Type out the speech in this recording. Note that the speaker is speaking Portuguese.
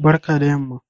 barcarema